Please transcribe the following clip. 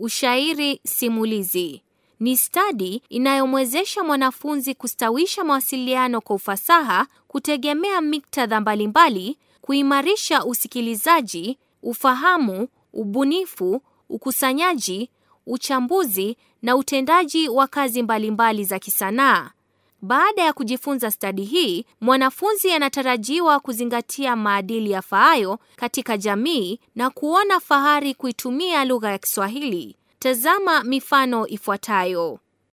Ushairi simulizi ni stadi inayomwezesha mwanafunzi kustawisha mawasiliano kwa ufasaha, kutegemea miktadha mbalimbali, kuimarisha usikilizaji, ufahamu, ubunifu, ukusanyaji, uchambuzi na utendaji wa kazi mbalimbali za kisanaa. Baada ya kujifunza stadi hii, mwanafunzi anatarajiwa kuzingatia maadili yafaayo katika jamii na kuona fahari kuitumia lugha ya Kiswahili. Tazama mifano ifuatayo.